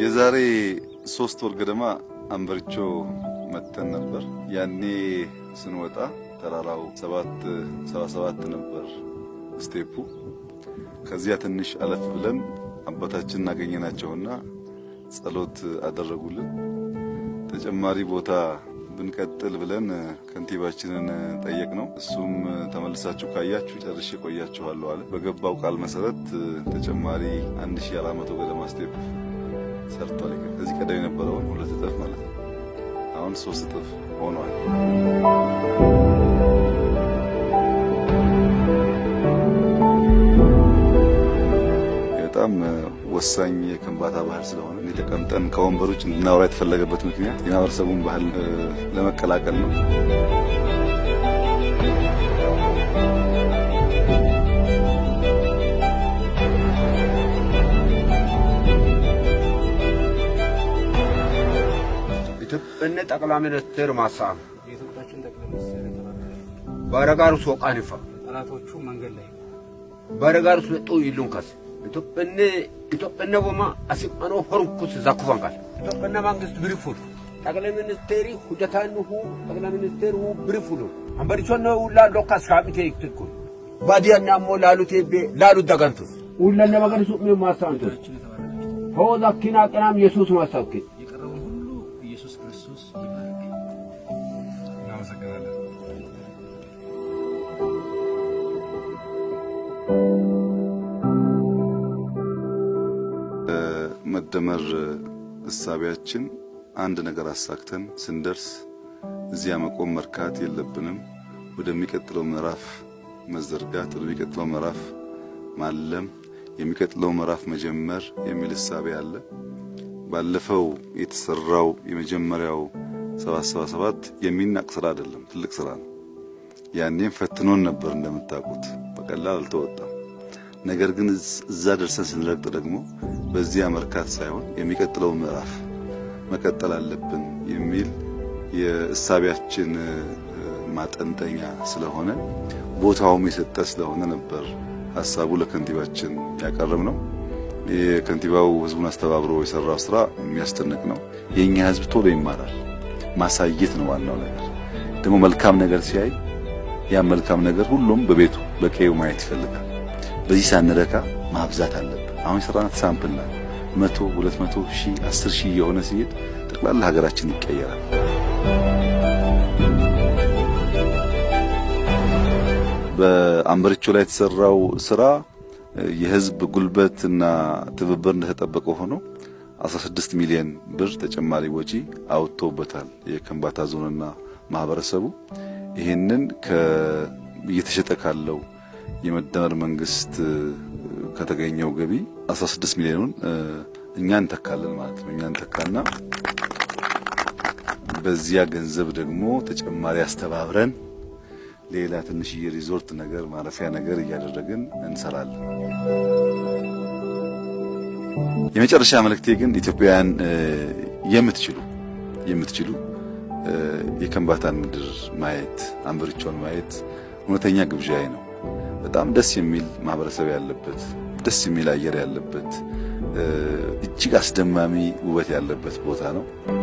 የዛሬ ሶስት ወር ገደማ አንበርቾ መተን ነበር። ያኔ ስንወጣ ተራራው ሰባት ሰባ ሰባት ነበር ስቴፑ። ከዚያ ትንሽ አለፍ ብለን አባታችን እናገኘናቸውና ጸሎት አደረጉልን። ተጨማሪ ቦታ ብንቀጥል ብለን ከንቲባችንን ጠየቅነው። እሱም ተመልሳችሁ ካያችሁ ጨርሼ ቆያችኋለሁ አለ። በገባው ቃል መሰረት ተጨማሪ 1400 ገደማ ስቴፕ ሰርቷል። ከዚህ ቀደም የነበረው ሁለት እጥፍ ማለት ነው። አሁን ሶስት እጥፍ ሆኗል። በጣም ወሳኝ የክንባታ ባህል ስለሆነ እኔ ተቀምጠን ከወንበሮች እንድናወራ የተፈለገበት ምክንያት የማህበረሰቡን ባህል ለመቀላቀል ነው። እነ ጠቅላይ ሚኒስትር ማሳ በረጋሩ ሶቃንፋ ጠላቶቹ መንገድ ላይ በረጋሩ ስለጡ ይሉንከስ ኢትዮጵነ ኢትዮጵነ ቦማ አሲቀኖ ሆርኩስ ዛኩፋንካል ኢትዮጵነ መንግስት ብሪፉል ጠቅላይ ሚኒስቴሪ ሁጀታንሁ ጠቅላይ ሚኒስቴሩ ብሪፉሉ አንበሪቾነ ሁላ ዶካስ ካቢቴ ይክትኩ ባዲያና ሞ ላሉት ቤ ላሉት ዳጋንቱስ ሁላ ለማገሪሱ ምን ማሳንቱ ሆዳ ኪና ቀናም ኢየሱስ ማሳብኪ በማደመር እሳቢያችን አንድ ነገር አሳክተን ስንደርስ እዚያ መቆም መርካት የለብንም። ወደሚቀጥለው ምዕራፍ መዘርጋት፣ ወደሚቀጥለው ምዕራፍ ማለም፣ የሚቀጥለው ምዕራፍ መጀመር የሚል እሳቤ አለ። ባለፈው የተሰራው የመጀመሪያው 777 የሚናቅ ስራ አይደለም፣ ትልቅ ስራ ነው። ያኔም ፈትኖን ነበር እንደምታውቁት፣ በቀላል አልተወጣም። ነገር ግን እዛ ደርሰን ስንረግጥ ደግሞ በዚህ መርካት ሳይሆን የሚቀጥለው ምዕራፍ መቀጠል አለብን የሚል የእሳቢያችን ማጠንጠኛ ስለሆነ ቦታውም የሰጠ ስለሆነ ነበር ሀሳቡ ለከንቲባችን ያቀረብ ነው። የከንቲባው ህዝቡን አስተባብሮ የሰራው ስራ የሚያስደንቅ ነው። የእኛ ህዝብ ቶሎ ይማራል። ማሳየት ነው ዋናው ነገር። ደግሞ መልካም ነገር ሲያይ ያ መልካም ነገር ሁሉም በቤቱ በቀዩ ማየት ይፈልጋል። በዚህ ሳንረካ ማብዛት አለብን። አሁን የሰራናት ሳምፕል ናት። መቶ ሁለት መቶ ሺህ አስር ሺህ የሆነ ሲሄድ ጠቅላላ ሀገራችን ይቀየራል። በአምበሪቾ ላይ የተሰራው ስራ የህዝብ ጉልበትና ትብብር እንደተጠበቀ ሆኖ 16 ሚሊዮን ብር ተጨማሪ ወጪ አውጥቶበታል። የከምባታ ዞንና ማህበረሰቡ ይህንን እየተሸጠ ካለው የመደመር መንግስት ከተገኘው ገቢ 16 ሚሊዮኑን እኛ እንተካለን ማለት ነው። እኛ እንተካና በዚያ ገንዘብ ደግሞ ተጨማሪ አስተባብረን ሌላ ትንሽዬ ሪዞርት ነገር ማረፊያ ነገር እያደረግን እንሰራለን። የመጨረሻ መልእክቴ ግን ኢትዮጵያውያን የምትችሉ የምትችሉ የከንባታን ምድር ማየት አንበሪቾን ማየት እውነተኛ ግብዣዬ ነው። በጣም ደስ የሚል ማህበረሰብ ያለበት ደስ የሚል አየር ያለበት እጅግ አስደማሚ ውበት ያለበት ቦታ ነው።